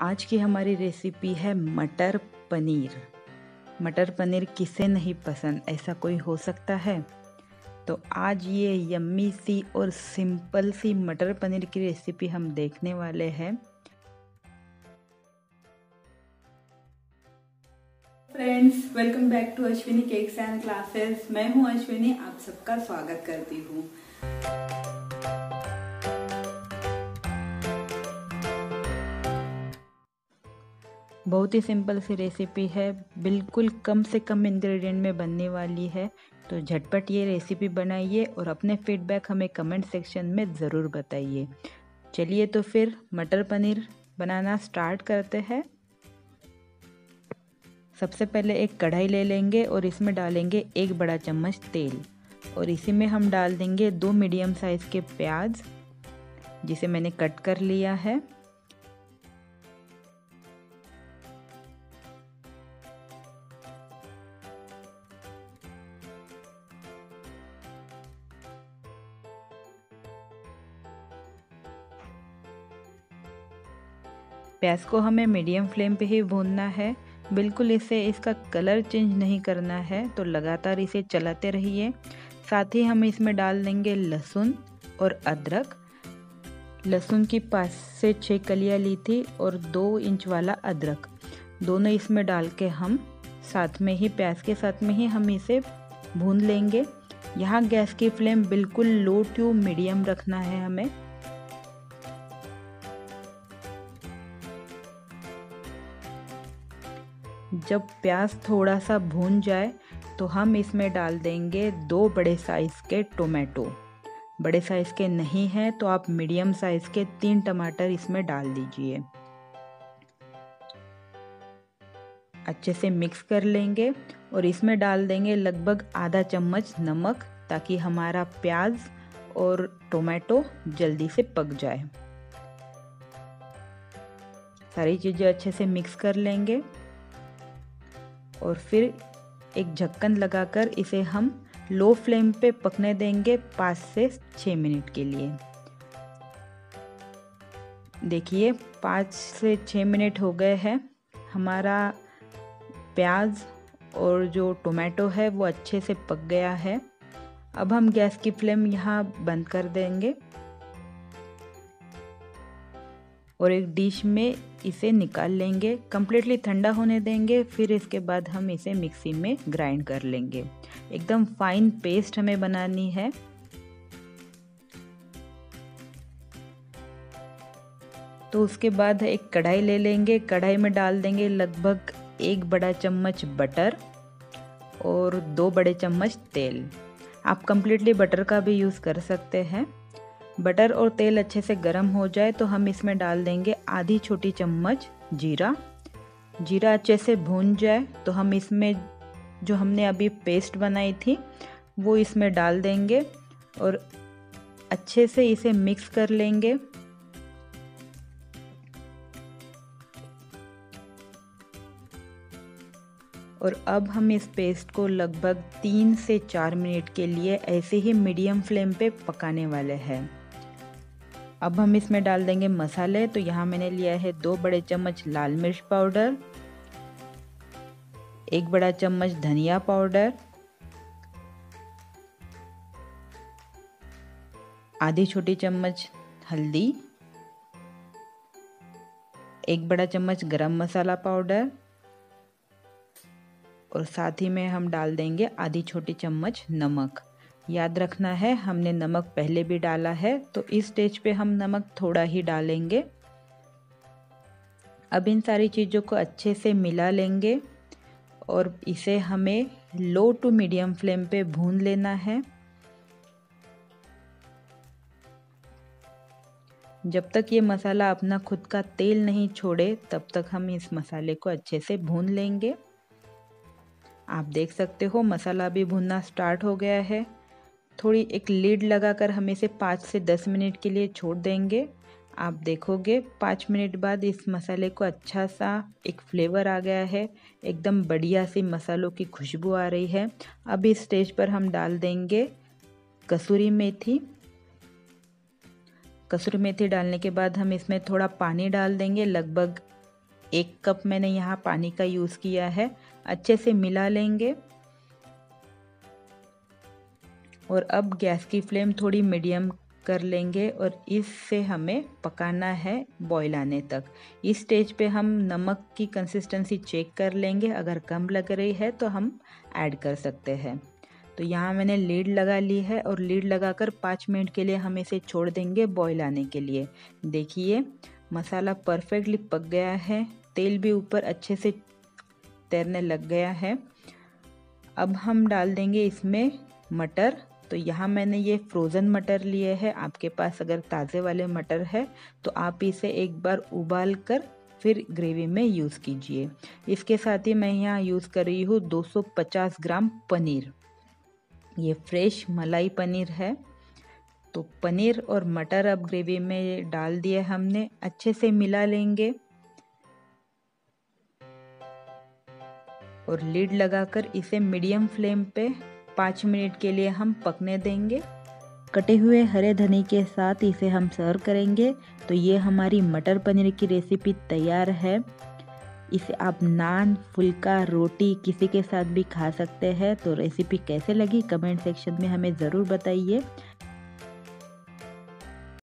आज की हमारी रेसिपी है मटर पनीर मटर पनीर किसे नहीं पसंद ऐसा कोई हो सकता है तो आज ये यम्मी सी और सिंपल सी मटर पनीर की रेसिपी हम देखने वाले हैं friends welcome back to Ashwini cakes and classes मैं हूँ अश्विनी आप सबका स्वागत करती हूँ बहुत ही सिंपल सी रेसिपी है बिल्कुल कम से कम इंग्रेडिएंट में बनने वाली है तो झटपट ये रेसिपी बनाइए और अपने फीडबैक हमें कमेंट सेक्शन में ज़रूर बताइए चलिए तो फिर मटर पनीर बनाना स्टार्ट करते हैं सबसे पहले एक कढ़ाई ले लेंगे और इसमें डालेंगे एक बड़ा चम्मच तेल और इसी में हम डाल देंगे दो मीडियम साइज़ के प्याज जिसे मैंने कट कर लिया है प्याज को हमें मीडियम फ्लेम पे ही भूनना है बिल्कुल इसे इसका कलर चेंज नहीं करना है तो लगातार इसे चलाते रहिए साथ ही हम इसमें डाल देंगे लहसुन और अदरक लहसुन की पाँच से छः कलियाँ ली थी और दो इंच वाला अदरक दोनों इसमें डाल के हम साथ में ही प्याज के साथ में ही हम इसे भून लेंगे यहाँ गैस की फ्लेम बिल्कुल लो टू मीडियम रखना है हमें जब प्याज थोड़ा सा भून जाए तो हम इसमें डाल देंगे दो बड़े साइज़ के टोमेटो बड़े साइज़ के नहीं हैं तो आप मीडियम साइज़ के तीन टमाटर इसमें डाल दीजिए अच्छे से मिक्स कर लेंगे और इसमें डाल देंगे लगभग आधा चम्मच नमक ताकि हमारा प्याज और टोमेटो जल्दी से पक जाए सारी चीज़ें अच्छे से मिक्स कर लेंगे और फिर एक झक्कन लगाकर इसे हम लो फ्लेम पे पकने देंगे पाँच से छः मिनट के लिए देखिए पाँच से छः मिनट हो गए हैं हमारा प्याज और जो टोमेटो है वो अच्छे से पक गया है अब हम गैस की फ्लेम यहाँ बंद कर देंगे और एक डिश में इसे निकाल लेंगे कम्प्लीटली ठंडा होने देंगे फिर इसके बाद हम इसे मिक्सी में ग्राइंड कर लेंगे एकदम फाइन पेस्ट हमें बनानी है तो उसके बाद एक कढ़ाई ले लेंगे कढ़ाई में डाल देंगे लगभग एक बड़ा चम्मच बटर और दो बड़े चम्मच तेल आप कम्प्लीटली बटर का भी यूज़ कर सकते हैं बटर और तेल अच्छे से गर्म हो जाए तो हम इसमें डाल देंगे आधी छोटी चम्मच जीरा जीरा अच्छे से भून जाए तो हम इसमें जो हमने अभी पेस्ट बनाई थी वो इसमें डाल देंगे और अच्छे से इसे मिक्स कर लेंगे और अब हम इस पेस्ट को लगभग तीन से चार मिनट के लिए ऐसे ही मीडियम फ्लेम पे पकाने वाले हैं अब हम इसमें डाल देंगे मसाले तो यहाँ मैंने लिया है दो बड़े चम्मच लाल मिर्च पाउडर एक बड़ा चम्मच धनिया पाउडर आधी छोटी चम्मच हल्दी एक बड़ा चम्मच गरम मसाला पाउडर और साथ ही में हम डाल देंगे आधी छोटी चम्मच नमक याद रखना है हमने नमक पहले भी डाला है तो इस स्टेज पे हम नमक थोड़ा ही डालेंगे अब इन सारी चीज़ों को अच्छे से मिला लेंगे और इसे हमें लो टू मीडियम फ्लेम पे भून लेना है जब तक ये मसाला अपना खुद का तेल नहीं छोड़े तब तक हम इस मसाले को अच्छे से भून लेंगे आप देख सकते हो मसाला भी भुनना स्टार्ट हो गया है थोड़ी एक लीड लगाकर हम इसे पाँच से दस मिनट के लिए छोड़ देंगे आप देखोगे पाँच मिनट बाद इस मसाले को अच्छा सा एक फ्लेवर आ गया है एकदम बढ़िया सी मसालों की खुशबू आ रही है अब इस स्टेज पर हम डाल देंगे कसूरी मेथी कसूरी मेथी डालने के बाद हम इसमें थोड़ा पानी डाल देंगे लगभग एक कप मैंने यहाँ पानी का यूज़ किया है अच्छे से मिला लेंगे और अब गैस की फ्लेम थोड़ी मीडियम कर लेंगे और इससे हमें पकाना है बॉईल आने तक इस स्टेज पे हम नमक की कंसिस्टेंसी चेक कर लेंगे अगर कम लग रही है तो हम ऐड कर सकते हैं तो यहाँ मैंने लीड लगा ली है और लीड लगाकर पाँच मिनट के लिए हम इसे छोड़ देंगे बॉईल आने के लिए देखिए मसाला परफेक्टली पक गया है तेल भी ऊपर अच्छे से तैरने लग गया है अब हम डाल देंगे इसमें मटर तो यहाँ मैंने ये फ्रोज़न मटर लिए है आपके पास अगर ताज़े वाले मटर है तो आप इसे एक बार उबाल कर फिर ग्रेवी में यूज़ कीजिए इसके साथ ही मैं यहाँ यूज़ कर रही हूँ 250 ग्राम पनीर ये फ्रेश मलाई पनीर है तो पनीर और मटर अब ग्रेवी में डाल दिए हमने अच्छे से मिला लेंगे और लीड लगाकर इसे मीडियम फ्लेम पे पाँच मिनट के लिए हम पकने देंगे कटे हुए हरे धनी के साथ इसे हम सर्व करेंगे तो ये हमारी मटर पनीर की रेसिपी तैयार है इसे आप नान फुल्का रोटी किसी के साथ भी खा सकते हैं तो रेसिपी कैसे लगी कमेंट सेक्शन में हमें ज़रूर बताइए